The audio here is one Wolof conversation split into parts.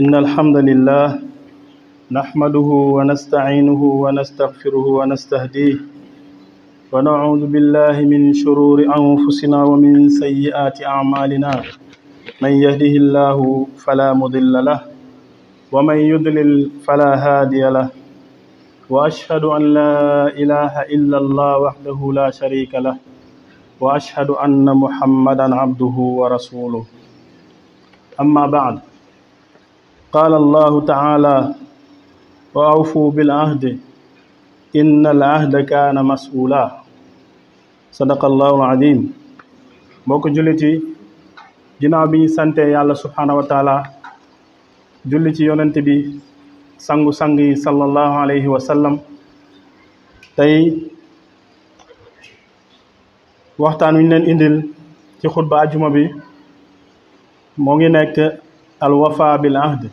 إن الحمد لله نحمده ونستعينه ونستغفره ونستهديه ونعوذ بالله من شرور أنفسنا ومن سيئات أعمالنا من يهده الله فلا مضل له ومن يضلل فلا هادي له وأشهد أن لا إله إلا الله وحده لا شريك له وأشهد أن محمدا عبده ورسوله أما بعد قال الله تعالى وأوفوا بالعهد إن العهد كان مسؤولا صدق الله العظيم mbokk jullit yi ginnaaw bi ñu sante yàlla subhaanahu wa taala ci yonant bi sangu-sang yi sallallahu alayhi sallam tey waxtaan wiñ ñu leen indil ci xutba ajuma bi moo ngi nekk al wafa bil ahd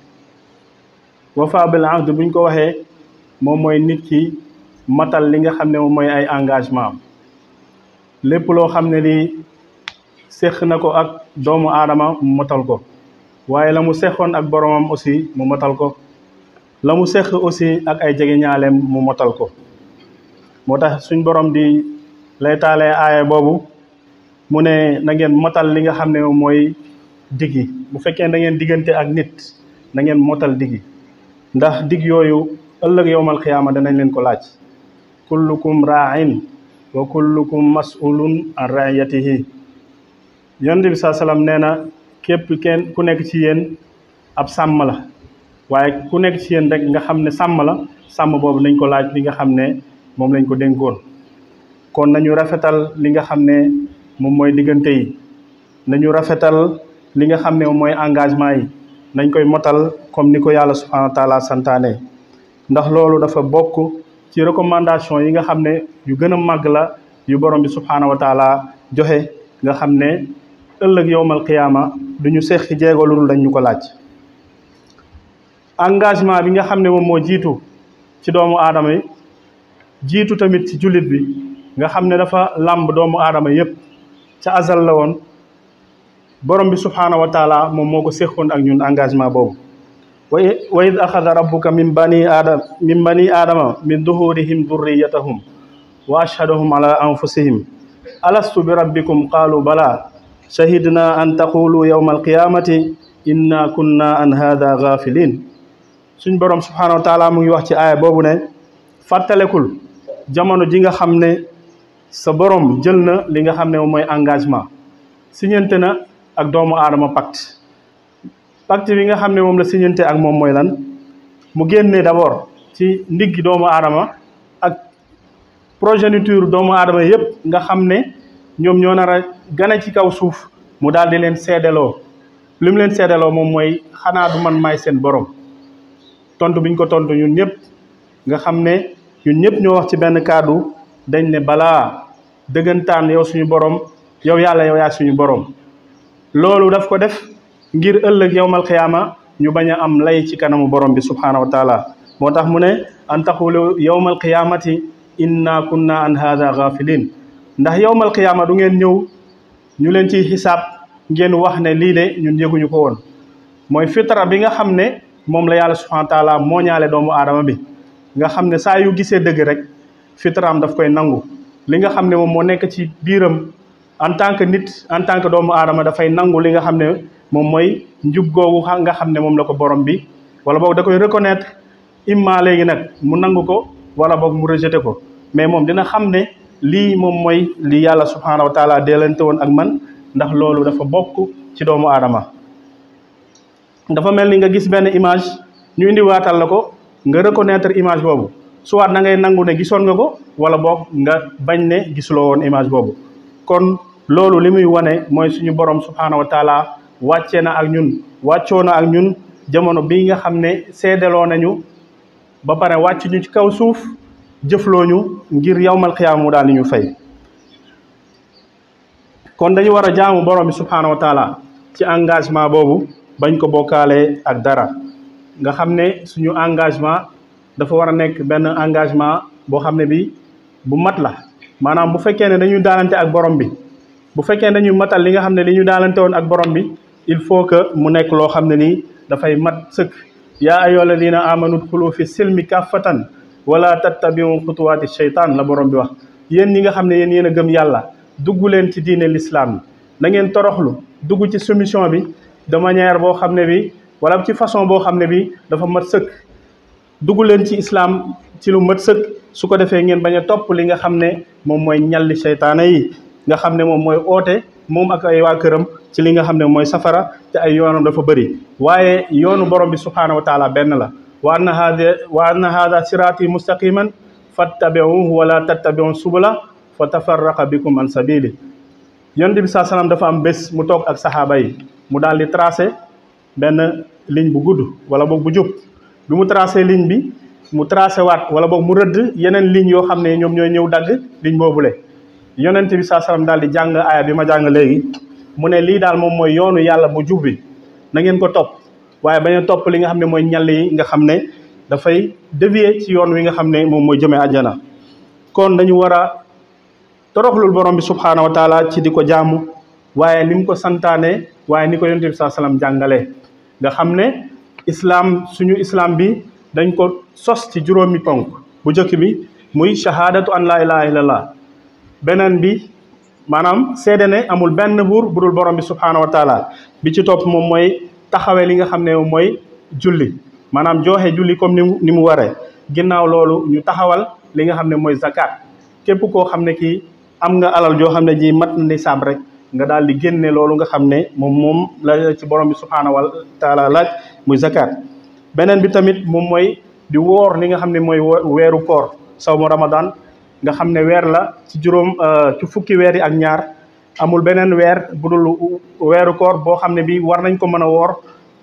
wafa bil ahd buñ ko waxee moom mooy nit ki matal li nga xam ne moom mooy ay engagement am lépp loo xam ne lii séq na ko ak doomu aadama mu matal ko waaye la mu seqoon ak boromam aussi mu motal ko la mu seq aussi ak ay jege ñaaleem mu motal ko moo tax suñ borom di lay taalee aaya boobu mu ne na ngeen matal li nga xam ne mooy dig yi bu fekkee da ngeen diggante ak nit nangeen ngeen motal dig ndax digg yooyu ëllëg yowmal xiyaama danañ leen ko laaj kullukum raain wa kullukum masulun an raiyatihi yonent bi saa salaam nee na képp kenn ku nekk ci yéen ab sàmm la waaye ku nekk ci yéen rek nga xam ne sàmm la sàmm boobu nañ ko laaj li nga xam ne moom lañ ko dénkoon kon nañu rafetal li nga xam ne moom mooy diggante yi nañu rafetal li nga xam ne mooy engagement yi nañ koy motal comme ni ko yàlla subhanahu wa taala santaane ndax loolu dafa bokk ci recommandation yi nga xam ne yu gën a màgg la yu borom bi subhanahu wa taala joxe nga xam ne ëllëg yowmal qiyaama duñu ñu seqi jéego lu dul dañ ñu ko laaj engagement bi nga xam ne moom moo jiitu ci doomu aadama yi jiitu tamit ci jullit bi nga xam ne dafa làmb doomu aadama yépp ca azal la woon borom bi subhaanahu wa taala moom moo ko séqoon ak ñun engagement boobu wa id axada rabbuka min bani aadama min bani aadama min duhurihim durriyatahum wa ashhadahum alastu bi rabbikum qaalu bala shahidna an taqulu yawma alqiyamati inna kunna an hada gafilin suñ borom subhaanahu wa taala mu ngi wax ci aaya boobu ne fàttalekul jamono ji nga xam ne sa borom jël na li nga xam ne mooy engagement siñente na ak doomu aadama pacte pacte bi nga xam ne moom la signante ak moom mooy lan mu génne d'abord ci ndiggi doomu adama ak progéniture doomu adama yëpp nga xam ne ñoom ñoo nar a gane ci kaw suuf mu daal di leen seedaloo li mu leen seedaloo moom mooy xanaa du man may seen borom tontu biñ ko tontu ñun ñëpp nga xam ne ñun ñëpp ñoo wax ci benn kàddu dañ ne balaa dëggantaan yow suñu borom yow yàlla yow yaa suñu boroom loolu daf ko def ngir ëllëg yowmal xiyaama ñu bañ a am lay ci kanamu borom bi subhaanahu wa taala moo tax mu ne an taxulu yowmal qiyaamati inna kunna an haada gafilin ndax yowmal qiyaama du ngeen ñëw ñu leen ciy xisaab ngeen wax ne lii de ñun yëguñu ko woon mooy fitra bi nga xam ne moom la yàlla subhaanahu wa taala moo ñaale doomu aadama bi nga xam ne saa yu gisee dëgg rek fitraam daf koy nangu li nga xam ne moom moo nekk ci biiram en tant que nit en tant que doomu aadama dafay nangu li nga xam ne moom mooy njub googu nga xam ne moom la ko borom bi wala boog da koy reconnaître imma léegi nag mu nangu ko wala boog mu rejeté ko mais moom dina xam ne lii moom mooy li yàlla subhaanahu wa taala deelante woon ak man ndax loolu dafa bokk ci doomu aadama dafa mel ni nga gis benn image ñu indiwaatal la ko nga reconnaitre image boobu soit na ngay nangu ne gisoon nga ko wala boog nga bañ ne gisuloo woon image boobu kon loolu li muy wane mooy suñu borom subhaanahu wa taala wàccee na ak ñun wàccoo na ak ñun jamono bii nga xam ne seedaloo nañu ba pare wàcc ñu ci kaw suuf jëfloo ñu ngir yawmal xiyaam mu daal di ñu fay. kon dañu war a jaamu borom bi subhaanahu wa taala ci engagement boobu bañ ko bokkaalee ak dara nga xam ne suñu engagement dafa war a nekk benn engagement boo xam ne bi bu mat la maanaam bu fekkee ne dañuy daalante ak borom bi. bu fekkee nañu matal li nga xam ne li ñu daalante woon ak borom bi il faut que mu nekk loo xam ne nii dafay mat sëkk yaa ayyuha ladina amanu dxulu fi silmi kaffatan wala tattabiu xutuwaati sheytaan la borom bi wax yéen ñi nga xam ne yéen yéen a gëm yàlla dugg leen ci diine lislaam na ngeen toroxlu dugg ci soumission bi de boo xam ne bi wala ci façon boo xam ne bi dafa mat sëkk dugg leen ci islaam ci lu mat sëkk su ko defee ngeen bañ a topp li nga xam ne moom mooy ñalli seytaane yi nga xam ne moom mooy oote moom ak ay waa këram ci li nga xam ne mooy safara te ay yoonam dafa bëri waaye yoonu borom bi subhaanahu wa benn la wa anna haada wa anna haada siraati mustaqiman fattabiuhu wala tattabiu subula fa tafarraqa bikum an sabili yonent bi saa dafa am bés mu toog ak saxaaba yi mu daal di tracé benn ligne bu gudd wala boog bu jub bi mu tracé ligne bi mu tracé waat wala boog mu rëdd yeneen ligne yoo xam ne ñoom ñooy ñëw dagg ligne boobule yonent bi saa salaam daal di jàng aaya bi ma jàng léegi mu ne lii daal moom mooy yoonu yàlla bu jub bi nangeen ko topp waaye bañ a topp li nga xam ne mooy ñal yi nga xam ne dafay dévier ci yoon wi nga xam ne moom mooy jëmee àjjana kon dañu war a toroxlul borom bi subhaanahu wa taala ci di ko jaamu waaye ni mu ko santaane waaye ni ko yonent bi saa salaam jàngalee nga xam ne islaam suñu islaam bi dañ ko sos ci juróomi ponk bu njëkk bi muy shahadatu an laa ilaha illallah beneen bi maanaam seede ne amul benn buur bu dul borom bi subhaanahu wa taala bi ci topp moom mooy taxawee li nga xam ne mooy julli maanaam joxe julli comme ni ni mu waree ginnaaw loolu ñu taxawal li nga xam ne mooy zakat képp koo xam ne kii am nga alal joo xam ne ji mat na nisaab rek nga daal di génne loolu nga xam ne moom moom la ci borom bi subhaanahu wa taala laaj muy zakat beneen bi tamit moom mooy di woor li nga xam ne mooy weeru koor sawmu ramadan nga xam ne weer la ci juróom euh, ci fukki weer yi ak ñaar amul beneen weer bu dul weeru koor boo xam ne bi war nañ ko mën a woor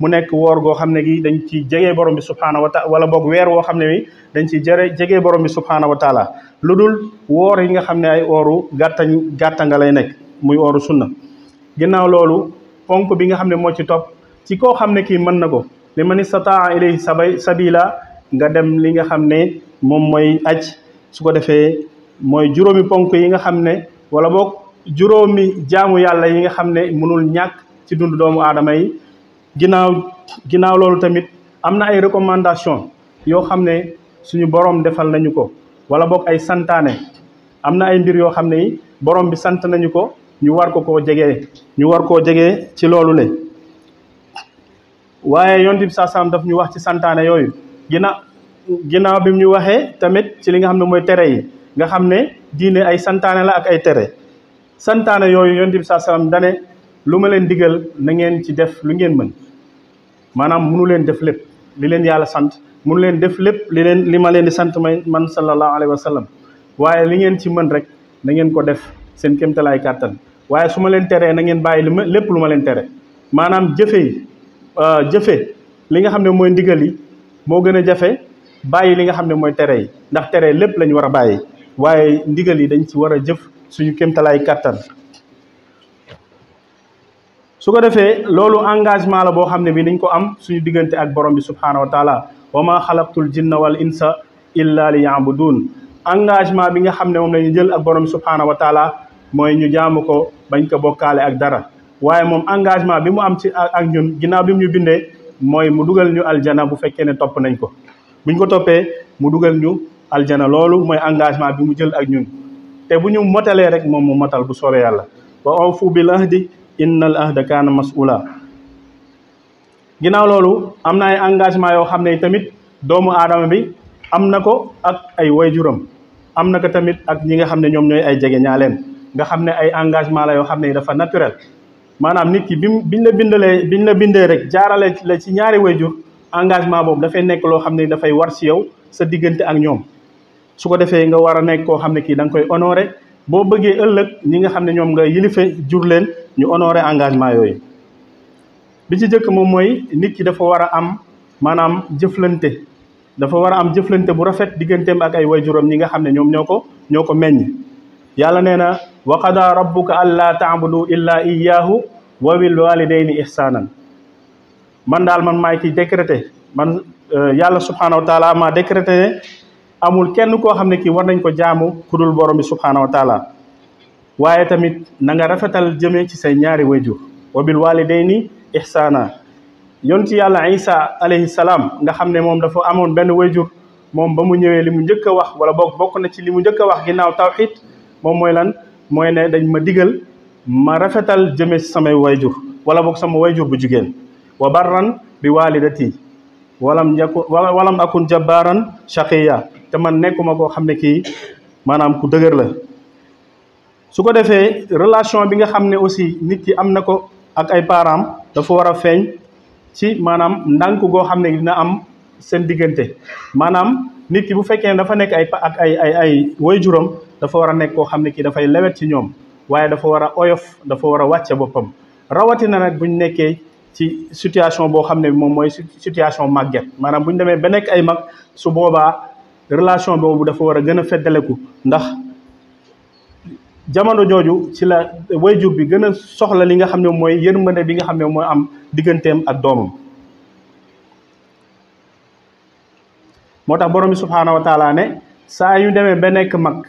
mu nekk woor goo xam ne gi dañ ci jege borom bi subhaanahu wa wala boog weer woo xam ne bi dañ ci jëre jege borom bi subhaanahu wa lu dul woor yi nga xam ne ay ooru gàttañ gàtta nga lay nekk muy ooru sunna ginnaaw loolu ponk bi nga xam ne moo ci topp ci koo xam ne kii mën na ko li man istataa ilayhi sabay sabila nga dem li nga xam ne moom mooy aj su ko defee mooy juróomi ponk yi nga xam ne wala boog juróomi jaamu yàlla yi nga xam ne mënul ñàkk ci dund doomu aadama yi ginnaaw ginnaaw loolu tamit am na ay recommandation yoo xam ne suñu borom defal nañu ko wala boog ay santaane am na ay mbir yoo xam ne yi borom bi sant nañu ko ñu war ko koo jege ñu war koo jege ci loolu le waaye yonent bi saasaam daf ñu wax ci santaane yooyu ginnaaw ginnaaw bi mu ñu waxee tamit ci li nga xam ne mooy tere yi nga xam ne diine ay santaane la ak ay tere santaane yooyu yonent bi saa salaam dane lu ma leen digal na ngeen ci def lu ngeen mën maanaam munu leen def lépp li leen yàlla sant munu leen def lépp li leen li ma leen di may man sallallahu alayhi wa waaye li ngeen ci mën rek na ngeen ko def seen kéemtalaay kàttan waaye su ma leen teree na ngeen bàyyi lu ma lépp lu ma leen tere maanaam jëfe yi euh, jëfe li nga xam ne mooy ndigal yi moo gën a jafe bàyyi li nga xam ne mooy tere yi ndax tere lépp lañu war a bàyyi waaye ndigal yi dañ ci war a jëf suñu kéemtalaay kàttan su ko defee loolu engagement la boo xam ne bi dañ ko am suñu diggante ak borom bi subhaanahu wa taala wa ma xalaqtul jinna wal insa illa li yaabudun engagement bi nga xam ne moom lañu jël ak borom bi subhaanahu wa mooy ñu jaamu ko bañ ko bokkaale ak dara waaye moom engagement bi mu am ci ak ñun ginnaaw bi mu ñu bindee mooy mu dugal ñu aljana bu fekkee ne topp nañ ko buñ ko toppee mu dugal ñu aljana loolu mooy engagement bi mu jël ak ñun te bu ñu motalee rek moom mu motal bu soobee yàlla wa awfu bil ahdi innal ahda kaana mas'ula ginnaaw loolu am na ay engagement yoo xam ne tamit doomu aadama bi am na ko ak ay wayjuram am na ko tamit ak ñi nga xam ne ñoom ñooy ay jege nga xam ne ay engagement la yoo xam ne dafa naturel maanaam nit ki bi biñ la bindalee biñ la bindee rek jaarale la ci ñaari way wayjur engagement boobu dafay nekk loo xam ne dafay war ci yow sa diggante ak ñoom su ko defee nga war a nekk koo xam ne kii danga koy honoré boo bëggee ëllëg ñi nga xam ne ñoom nga yilife jur leen ñu honoré engagement yooyu bi ci jëkk moom mooy nit ki dafa war a am maanaam jëflante dafa war a am jëflante bu rafet diggante ak ay juróom ñi nga xam ne ñoom ñoo ko ñoo ko meññ yàlla nee na wa qadaa rabbuka allaa taabudu illaa iyaahu wa bil walidayni ihsaanan man daal man maay ki décrété man euh, yàlla subhaanahu wa taala ma décrété amul kenn koo xam ne kii war nañ ko jaamu ku borom bi subhaanahu wa waaye tamit na nga rafetal jëme ci say ñaari wayjur wa bil walidayni ihsaana ci yàlla isa alayhi salaam nga xam ne moom dafa amoon benn wayjur moom ba mu ñëwee li mu njëkk a wax wala boog bokk na ci li mu njëkk a wax ginnaaw tawxid moom mooy lan mooy ne dañ ma digal ma rafetal jëme ci samay wayjur wala boog sama wayjur bu jigéen wa barran bi walidati walam yakun wa akun jabbaran shaqiya te man nekkuma koo xam ne kii maanaam ku dëgër la su ko defee relation bi nga xam ne aussi nit ki am na ko ak ay parents dafa war a feeñ ci maanaam ndànk goo xam ne dina am seen diggante maanaam nit ki bu fekkee ne dafa nekk ay ak ay ay ay waajuram dafa war a nekk koo xam ne kii dafay lewet ci ñoom waaye dafa war a oyof dafa war a wàcce boppam rawatina nag buñ nekkee ci situation boo xam ne moom mooy situation màgget maanaam bu demee ba nekk ay mag su boobaa relation boobu dafa war a gën a feddaleku ndax jamono jooju ci la wayjur bi gën a soxla li nga xam ne mooy yërmande bi nga xam ne mooy am digganteem ak doomam moo tax borom bi subhaanahu wa taala ne saa yu demee ba nekk mag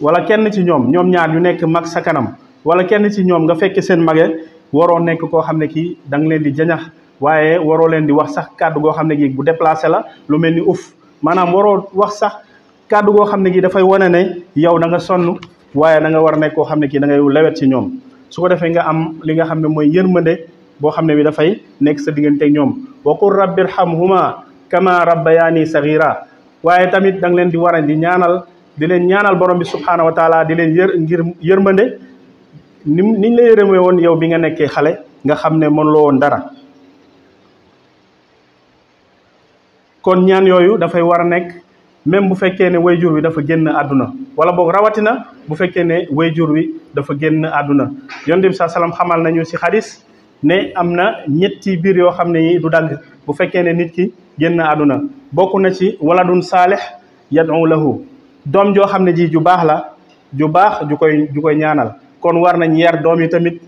wala kenn ci ñoom ñoom ñaar yu nekk mag sa kanam wala kenn ci ñoom nga fekke seen mage waroo nekk koo xam ne kii danga leen di jañax waaye waroo leen di wax sax kàddu goo xam ne gi bu déplacé la lu mel ni uf maanaam waroo wax sax kàddu goo xam ne kii dafay wane ne yow da nga sonn waaye da nga war nekk koo xam ne kii da ngay lewet ci ñoom su ko defee nga am li nga xam ne mooy yërmande boo xam ne bi dafay nekk sa diggante ak ñoom wa qul rabbi irhamhuma kama rabbayaani sagira waaye tamit da leen di war a di ñaanal di leen ñaanal borom bi subhaanahu wa taala di leen yër ngir yërmande ni niñ la yërëmee woon yow bi nga nekkee xale nga xam ne mënuloo woon dara kon ñaan yooyu dafay war a nekk même bu fekkee ne wayjur wi dafa génn àdduna wala boog rawatina bu fekkee ne wayjur wi dafa génn àdduna yonent bi salaam xamal nañu ci xadis ne am na ñetti biir yoo xam ne yi du dagg bu fekkee ne nit ki génn àdduna bokk na ci waladun saalih yad'u lahu doom joo xam ne ji ju baax la ju baax ju koy ju koy ñaanal kon war nañ yar doom yi tamit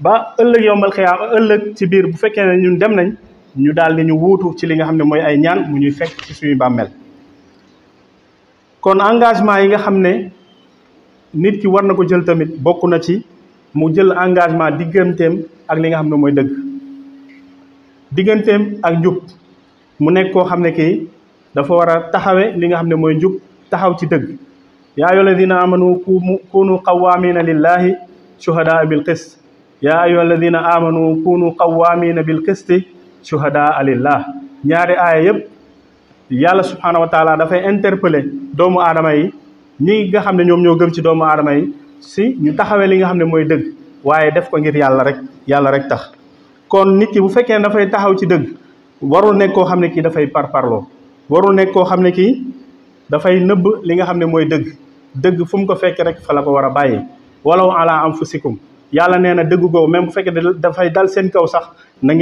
ba ëllëg yombal xiyaam ëllëg ci biir bu fekkee ne ñun dem nañ ñu daal di ñu wuutu ci li nga xam ne mooy ay ñaan mu ñuy fekk ci suñu bàmmeel kon engagement yi nga xam ne nit ki war na ko jël tamit bokk na ci mu jël engagement digganteem ak li nga xam ne mooy dëgg digganteem ak njub mu nekk koo xam ne ki dafa war a taxawe li nga xam ne mooy njub taxaw ci dëgg yaa ayyuha alladina amanu kumu kunu qawamina lillahi shuhadaa bil qist yaa ayyuha alladina amanu kunu qawamina bil qisti shuhada alillah ñaari aaya yëpp yàlla subhaanahu wa dafay interpeller doomu aadama yi ñi nga xam ne ñoom ñoo gëm ci doomu aadama yi si ñu taxawee li nga xam ne mooy dëgg waaye def ko ngir yàlla rek yàlla rek tax kon nit ki bu fekkee ne dafay taxaw ci dëgg warul nekk koo xam ne kii dafay parparloo warul nekk koo xam ne kii dafay nëbb li nga xam ne mooy dëgg dëgg fu mu ko fekkee rek fa la ko war a bàyyi walaw ala anfusikum yàlla nee na dëgg ko même bu fekkee dafay dal seen kaw sax na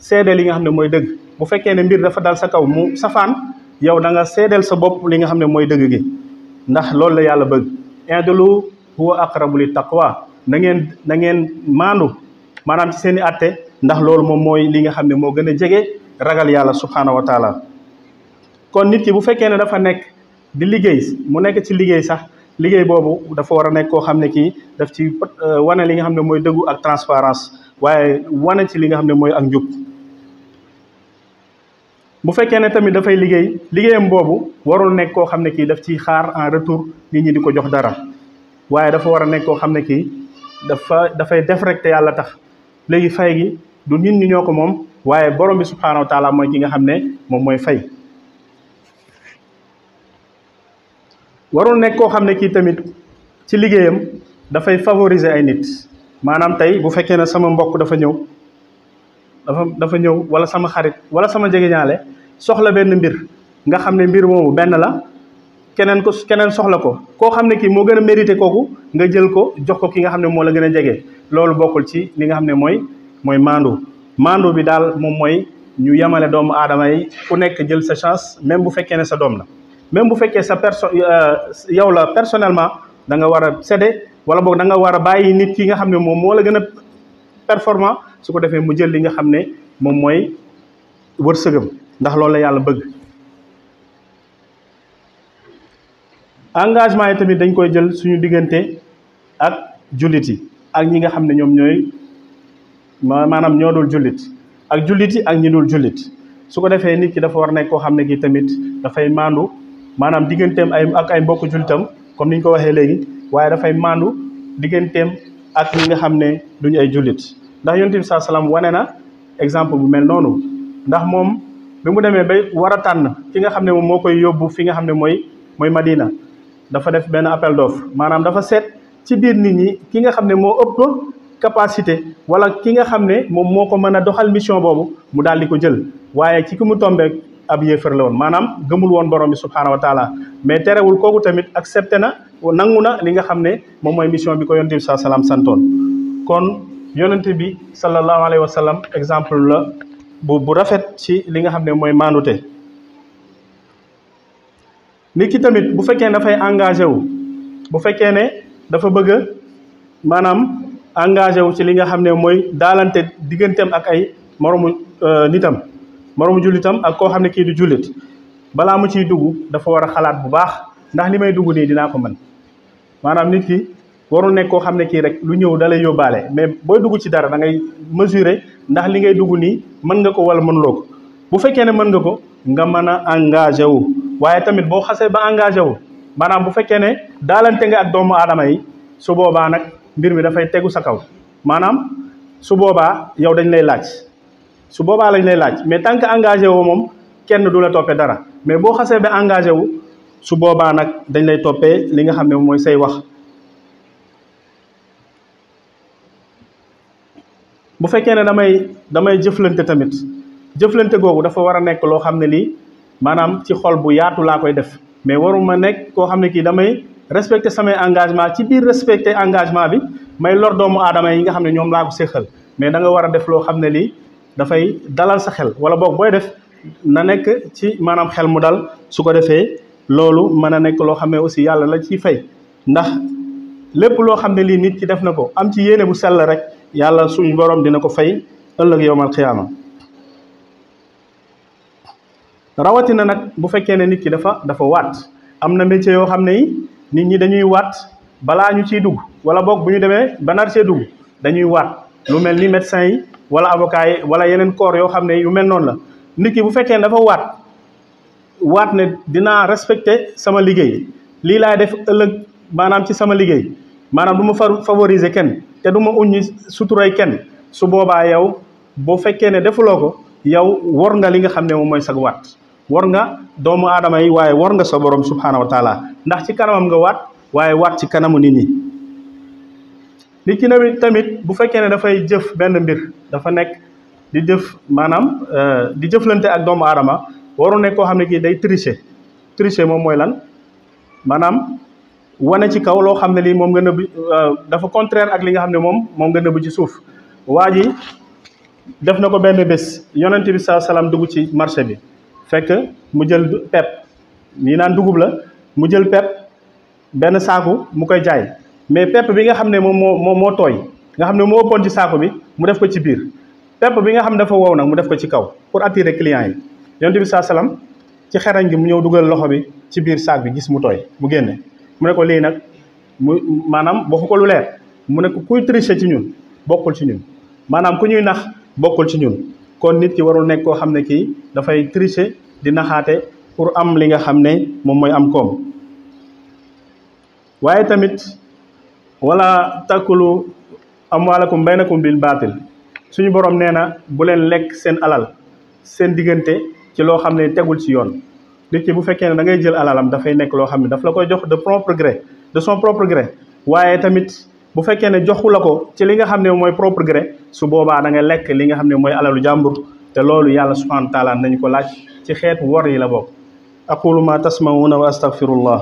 seede li nga xam ne mooy dëgg bu fekkee ne mbir dafa dal sa kaw mu safaan yow da nga seedeel sa bopp li nga xam ne mooy dëgg gi ndax loolu la yàlla bëgg i'dilu huwa aqrabu lit taqwa na ngeen na ngeen maanaam ci seen i ndax loolu moom mooy li nga xam ne moo gën a jege ragal yàlla subhaanahu wa kon nit ki bu fekkee ne dafa nekk di liggéey mu nekk ci liggéey sax liggéey boobu dafa war a nekk koo xam ne ki daf ci euh, wane li nga xam ne mooy dëggu ak waaye wane ci li nga xam ne mooy ak njub bu fekkee ne tamit dafay liggéey liggéeyam boobu warul nekk koo xam ne kii daf ciy xaar en retour nit ñi di ko jox dara waaye dafa war a nekk koo xam ne kii dafa dafay def rek yàlla tax léegi fay gi du nit ñi ñoo ko moom waaye borom bi subhaanahu wa taala mooy ki nga xam ne moom mooy fay warul nekk koo xam ne kii tamit ci liggéeyam dafay favoriser ay nit maanaam tey bu fekkee ne sama mbokk dafa ñëw dafa dafa ñëw wala sama xarit wala sama jegeñaale soxla benn mbir nga xam ne mbir moomu benn la keneen ko keneen soxla ko koo xam ne kii moo gën a mérité kooku nga jël ko jox ko ki nga xam ne moo la gën a jege loolu bokkul ci li nga xam ne mooy mooy maandu maandu bi daal moom mooy ñu yemale doomu aadama yi ku nekk jël sa chance même bu fekkee ne sa doom na même bu fekkee sa perso euh, yow la personnellement da nga war a cédé wala boog da war a bàyyi nit ki nga xam ne moom moo la gën performant su ko defee mu jël li nga xam ne moom mooy wërsëgam ndax loolu la yàlla bëgg engagement yi tamit dañ koy jël suñu diggante ak jullit yi ak ñi nga xam ne ñoom ñooy maanaam ñoo dul jullit ak jullit yi ak ñi dul jullit su ko defee nit ki dafa war nekk koo xam ne ki tamit dafay maandu maanaam digganteem ay ak ay mbokk jullitam comme ni ñu ko waxee léegi waaye dafay maandu digganteem ak li nga xam ne duñu ay jullit ndax yonent bi salaam wane na exemple bu mel noonu ndax moom bi mu demee ba war a tànn ki nga xam ne moom moo koy yóbbu fi nga xam ne mooy mooy Madina dafa def benn appel d'offre maanaam dafa seet ci biir nit ñi ki nga xam ne moo ëpp capacité wala ki nga xam ne moom moo ko mën a doxal mission boobu mu daal di ko jël waaye ci ki mu tombeek ab yéefar la woon maanaam gëmul woon borom bi subhaanahu wa taala mais terewul kooku tamit accepté na nangu na li nga xam ne moom mooy mission bi ko yonent bi saa salaam santoon kon yonent bi sallallahu alayhi wa sallam exemple la bu bu rafet ci li nga xam ne mooy maanute nit ki tamit bu fekkee dafay engagé wu bu fekkee ne dafa bëgg a maanaam engagé wu ci li nga xam ne mooy daalante digganteem ak ay moromu euh, nitam moroomu jullitam ak koo xam ne kii du jullit balaa mu ciy dugg dafa war a xalaat bu baax ndax li may dugg nii dinaa ko man maanaam nit ki warul nekk koo xam ne kii rek lu ñëw dalay yóbbaale mais booy dugg ci dara da ngay mesurer ndax li ngay dugg nii mën nga ko wala mënuloo ko bu fekkee ne mën nga ko nga mën a engagé wu waaye tamit boo xasee ba engagé wu maanaam bu fekkee ne daalante nga ak doomu aadama yi su boobaa nag mbir mi dafay tegu sa kaw maanaam su boobaa yow dañ lay laaj su boobaa lañ lay laaj mais tant que engagé wu moom kenn du la toppee dara mais boo xasee ba engagé wu su boobaa nag dañ lay toppee li nga xam ne mooy say wax bu fekkee ne damay damay jëflante tamit jëflante googu dafa war a nekk loo xam ne lii maanaam ci xol bu yaatu laa koy def mais waruma nekk koo xam ne kii damay respecté samay engagement ci biir respecté engagement bi may lor doomu aadama yi nga xam ne ñoom laa ko séqal mais da nga war a def loo xam ne lii dafay dalal sa xel wala boog booy def na nekk ci maanaam xel mu dal su ko defee loolu mën a nekk loo xam ne aussi yàlla la ciy fay ndax lépp loo xam ne lii nit ki def na ko am ci yéene bu sell rek yàlla suñ boroom dina ko fay ëllëg yowmal xiyaama rawatina nag bu fekkee ne nit ki dafa dafa waat am na métier yoo xam ne yi nit ñi dañuy waat balaa ñu ciy dugg wala boog bu ñu demee ba see dugg dañuy waat lu mel ni médecin yi wala avocat yi wala yeneen corps yoo xam ne yu mel noonu la nit bu fekkee dafa waat waat ne dinaa respecter sama liggéey lii laay def ëllëg maanaam ci sama liggéey maanaam du ma favoriser kenn te du ma uññi suturay kenn su boobaa yow boo fekkee ne defuloo ko yow war nga li nga xam ne moom mooy sag waat war nga doomu aadama yi waaye war nga sa borom subhaanahu wa taala ndax ci kanamam nga waat waaye waat ci kanamu nit ñi nit ki tamit bu fekkee ne dafay jëf benn mbir dafa nekk di jëf maanaam euh, di jëflante ak doomu aadama waru nekk koo xam ne kii day tricher tricher moom mooy lan maanaam wane ci kaw loo xam ne lii moom nga nëbb euh, dafa contraire ak li nga xam ne moom moom nga nëbb ci suuf waa ji def na ko benn bés yonent bi saa salaam dugg ci marché bi fekk mu jël pepp ñii naan dugub la mu jël pepp benn saaku mu koy jaay mais pepp bi nga xam ne moom moo moo moo tooy nga xam ne moo ëppoon ci saako bi mu def ko ci biir pepp bi nga xam ne dafa wow nag mu def ko ci kaw pour attirer client yi yonent bi saa salaam ci xerañ gi mu ñëw dugal loxo bi ci biir saak bi gis mu tooy mu génne mu ne ko lii nag mu maanaam waxu ko lu leer mu ne ko kuy tricher ci ñun bokkul ci ñun maanaam ku ñuy nax bokkul ci ñun kon nit ki warul nekk koo xam ne kii dafay tricher di naxaate pour am li nga xam ne moom mooy am koom waaye tamit wala amwaalakum baynakum bil baatil suñu boroom nee na bu leen lekk seen alal seen diggante ci loo xam ne tegul ci yoon nit ki bu fekkee ne da ngay jël alalam dafay nekk loo xam ne daf la koy jox de propre gré de son propre gré waaye tamit bu fekkee ne joxu la ko ci li nga xam ne mooy propre gré su boobaa da nga lekk li nga xam ne mooy alalu jàmbur te loolu yàlla subhanahu wa taala nañu ko laaj ci xeetu wor yi la bokk aqulu ma tasmauna wa astaghfirullah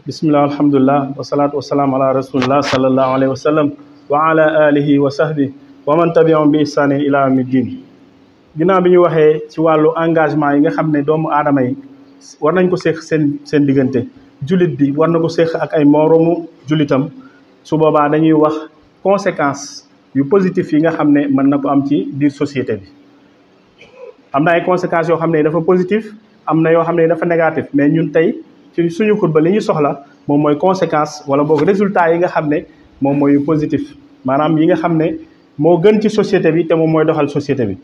bismillah alhamdulillah wasalatu wasalaamu ala salaam salallahu alayhi wa sallam wa ala alihi wa sahbi wa man tabiahum bi ihsanin ila yawmiddin ginnaaw bi ñu waxee ci wàllu engagement yi nga xam ne doomu aadama yi war nañ ko seeq seen seen diggante jullit bi war na ko seeq ak ay moroomu jullitam su boobaa dañuy wax conséquence yu positif yi nga xam ne mën na ko am ci biir société bi am na ay conséquences yoo xam ne dafa positif am na yoo xam ne dafa négatif mais ñun tey ci suñu xutba li ñu soxla moom mooy conséquence wala boog résultat yi nga xam ne moom mooy positif maanaam yi nga xam ne moo gën ci société bi te moom mooy doxal société bi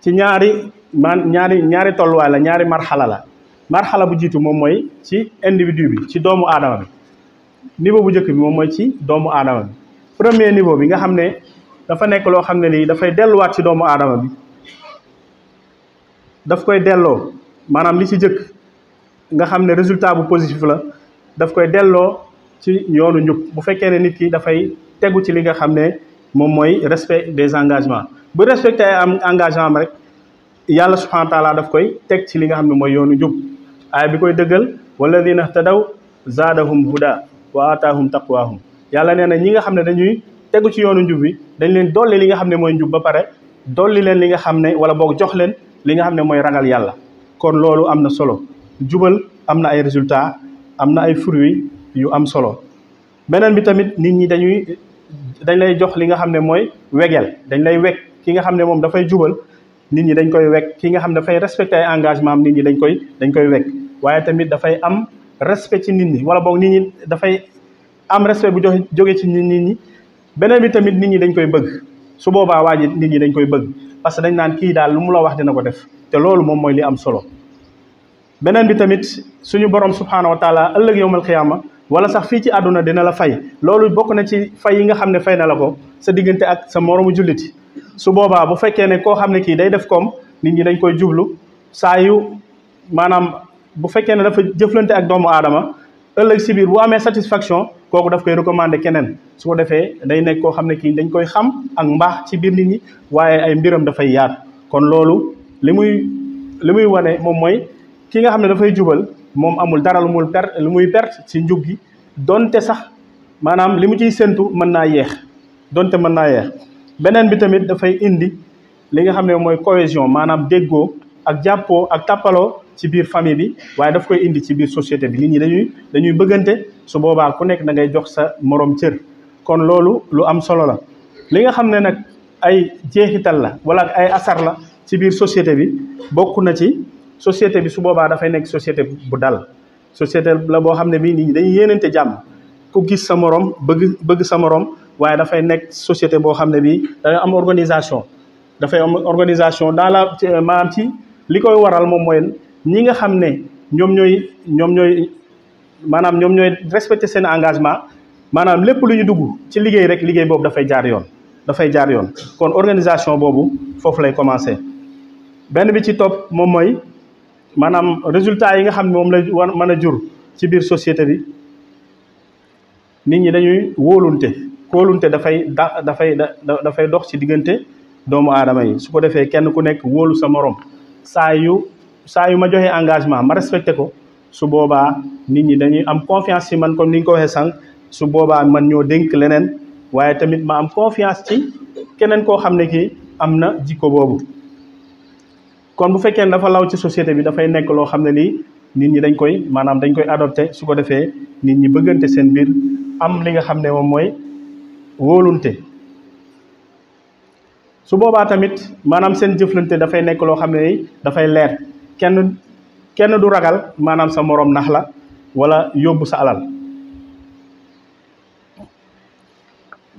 ci ñaari man ñaari ñaari tolluwaay la ñaari marxala la marxala bu jiitu moom mooy ci individu bi ci doomu aadama bi niveau bu njëkk bi moom mooy ci doomu aadama bi premier niveau bi nga xam ne dafa nekk loo xam ne lii dafay delluwaat ci doomu aadama bi daf koy delloo maanaam li ci jëkk nga xam ne résultat bu positif la daf koy delloo ci yoonu njub bu fekkee ne nit ki dafay tegu ci li nga xam ne moom mooy respect des engagements bu respecté am engagement rek yàlla subhanahu wa koy teg ci li nga xam ne mooy yoonu njub aaya bi koy dëggal walladina htadaw zaadahum huda wa ataahum taqwaahum yàlla nee na ñi nga xam ne dañuy tegu ci yoonu njub bi dañ leen dolli li nga xam ne mooy njub ba pare dolli leen li nga xam ne wala boog jox leen li nga xam ne mooy ragal yàlla kon loolu am na solo jubal am na ay résultats am na ay fruits yu am solo beneen bi tamit nit ñi dañuy dañ lay jox li nga xam ne mooy wegeel dañ lay weg ki nga xam ne moom dafay jubal nit ñi dañ koy weg ki nga xam ne dafay respecté engagement nit ñi dañ koy dañ koy weg waaye tamit dafay am respect ci nit ñi wala boog nit ñi dafay am respect bu joxe jóge ci nit ñi beneen bi tamit nit ñi dañ koy bëgg su boobaa waa ji nit ñi dañ koy bëgg parce que dañ naan kii daal lu mu la wax dina ko def te loolu moom mooy li am solo beneen bi tamit suñu borom subhaanahu wa taala ëllëg yowmal xiyaama wala sax fii ci àdduna dina la fay loolu bokk na ci fay yi nga xam ne fay na la ko sa diggante ak sa moromu julliti su boobaa bu fekkee ne koo xam ne kii day def koom nit ñi dañ koy jublu saa yu maanaam bu fekkee ne dafa jëflante ak doomu aadama ëllëg si biir bu amee satisfaction kooku daf koy recommandé keneen su ko defee day nekk koo xam ne kii dañ koy xam ak mbaax ci biir nit ñi waaye ay mbiram dafay yaat kon loolu li muy li muy wane moom mooy ki nga xam ne dafay jubal moom amul dara lu muy perte muy perte ci njub gi donte sax maanaam li mu ciy séntu mën naa yeex donte mën naa yeex beneen bi tamit dafay indi li nga xam ne mooy cohésion maanaam déggoo ak jàppoo ak tàppaloo ci biir famille bi waaye daf koy indi ci biir société bi nit ñi dañuy dañuy bëggante su boobaa ku nekk da ngay jox sa moroom cër kon loolu lu am solo la li nga xam ne nag ay jeexital la wala ay asar la ci biir société bi bokk na ci société bi su boobaa dafay nekk société bu dal société la boo xam ne bii nit ñi yéenante jàmm ku gis sa moroom bëgg bëgg sa moroom waaye dafay nekk société boo xam ne bii am organisation dafay am organisation dans la maanaam ci li koy waral moom mooy ñi nga xam ne ñoom ñooy ñoom ñooy maanaam ñoom ñooy respecté seen engagement maanaam lépp lu ñu dugg ci liggéey rek liggéey boobu dafay jaar yoon dafay jaar yoon kon organisation boobu foofu lay commencé benn bi ci topp moom mooy maanaam résultat yi nga xam ne moom la war mën a jur ci biir société bi nit ñi dañuy wóolunte kóolunte dafay da dafay dafay dox ci diggante doomu aadama yi su ko defee kenn ku nekk wóolu sa morom saa yu saa yu ma joxe engagement ma respecté ko su boobaa nit ñi dañuy am confiance ci man comme ni nga ko waxee sànq su boobaa man ñoo dénk leneen waaye tamit ma am confiance ci keneen koo xam ne ki am na jikko boobu kon bu fekkee ne dafa law ci société bi dafay nekk loo xam ne lii nit ñi dañ koy maanaam dañ koy adopté su ko defee nit ñi bëggante seen biir am li nga xam ne moom mooy wóolunte su boobaa tamit maanaam seen jëflante dafay nekk loo xam ne ni dafay leer kenn kenn du ragal maanaam sa moroom nax la walla yóbbu sa alal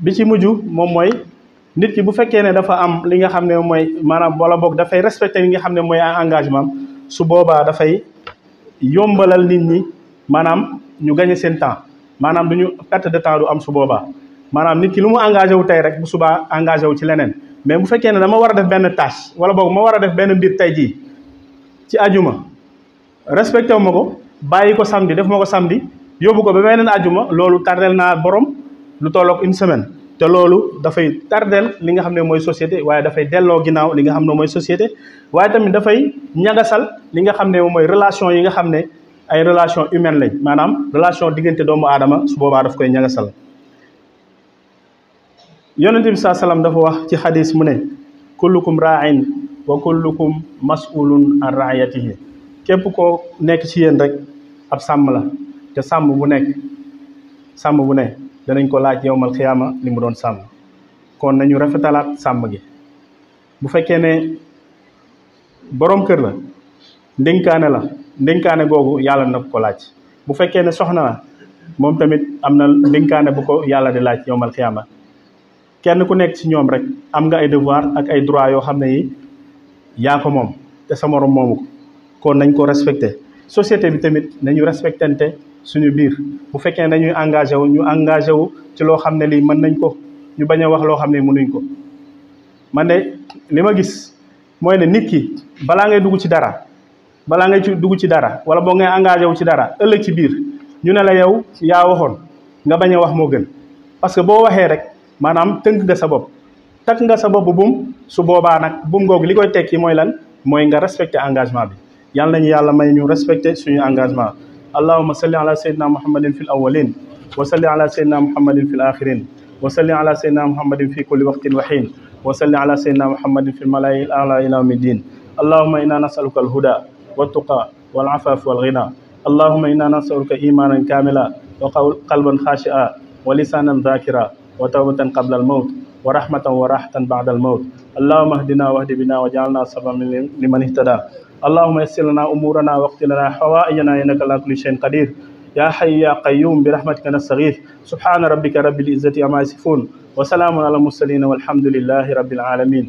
bi ci mujj moom mooy nit ki bu fekkee ne dafa am li nga xam ne mooy maanaam walla boog dafay respecté li nga xam ne mooy engagement su boobaa dafay yombalal nit ñi maanaam ñu gagné seen temps maanaam du ñu perte de temps du am su boobaa maanaam nit ki lu mu engagé wu tey rek bu subaa engagé wu ci leneen mais bu fekkee ne dama war a def benn tâche wala boog ma war a def benn mbir tey jii ci ajuma respecté wu ma ko bàyyi ko samedi def ma ko samedi yóbbu ko ba beneen ajuma loolu tardel naa borom lu tollook une semaine te loolu dafay tardel li nga xam ne mooy société waaye dafay delloo ginnaaw li nga xam ne mooy société waaye tamit dafay ñagasal li nga xam ne mooy relation yi nga xam ne ay relation humaine lañ maanaam relation diggante doomu aadama su boobaa daf koy ñagasal yonent bi saa salaam dafa wax ci xadis mu ne kullukum raain wa kullukum masulun an raayatihi képp koo nekk ci yéen rek ab sàmm la te sàmm bu nekk sàmm bu ne danañ ko laaj yowmal xiyaama li mu doon sàmm kon nañu rafetalaat sàmm gi bu fekkee ne boroom kër la ndénkaane la ndénkaane googu yàlla na ko laaj bu fekkee ne soxna la moom tamit am na ndénkaane bu ko yàlla di laaj yowmal xiyaama kenn ku nekk ci ñoom rek am nga ay devoir ak ay droit yoo xam ne yi yaa ko moom te sa morom moomu ko kon nañ ko respecté société bi tamit nañu respectante suñu biir bu fekkee dañuy engagé wu ñu engagé wu ci loo xam ne lii mën nañ ko ñu bañ a wax loo xam ne mënuñ ko man ne li ma gis mooy ne nit ki balaa ngay dugg ci dara balaa ngay ci dugg ci dara wala boo ngay engagé wu ci dara ëllëg ci biir ñu ne la yow yaa waxoon nga bañ a wax moo gën parce que boo waxee rek maanaam tënk nga sa bopp takk nga sa bopp buum su boobaa nag buum ngoog li koy tekki mooy lan mooy nga respecté engagement bi yàlla nañu yàlla may ñu respecté suñu engagement allahuma salli ala sayyidina muhammadin fil awwalin wa salli ala sayyidina muhammadin fil akhirin wa salli ala sayyidina muhammadin fi kulli waqtin wa hin wa salli ala sayyidina muhammadin fil malaa'il a'la ila yawmi din allahuma inna nas'aluka al huda wa tuqa wal afaf wal ghina allahuma inna nas'aluka imanan kamila wa qalban khashi'a wa lisanan dhakira wa tawbatan qabla al mawt wa rahmatan wa rahatan ba'da al mawt allahumma ahdina wahdi bina waj'alna sababan liman ihtada allahumma yassir lana umurana waqti lana hawaa'ijana innaka ala kulli shay'in qadir ya hayyu ya qayyum bi rahmatika nastaghith subhana rabbika rabbil izzati amma yasifun wa salamun ala al mursalin walhamdulillahi rabbil alamin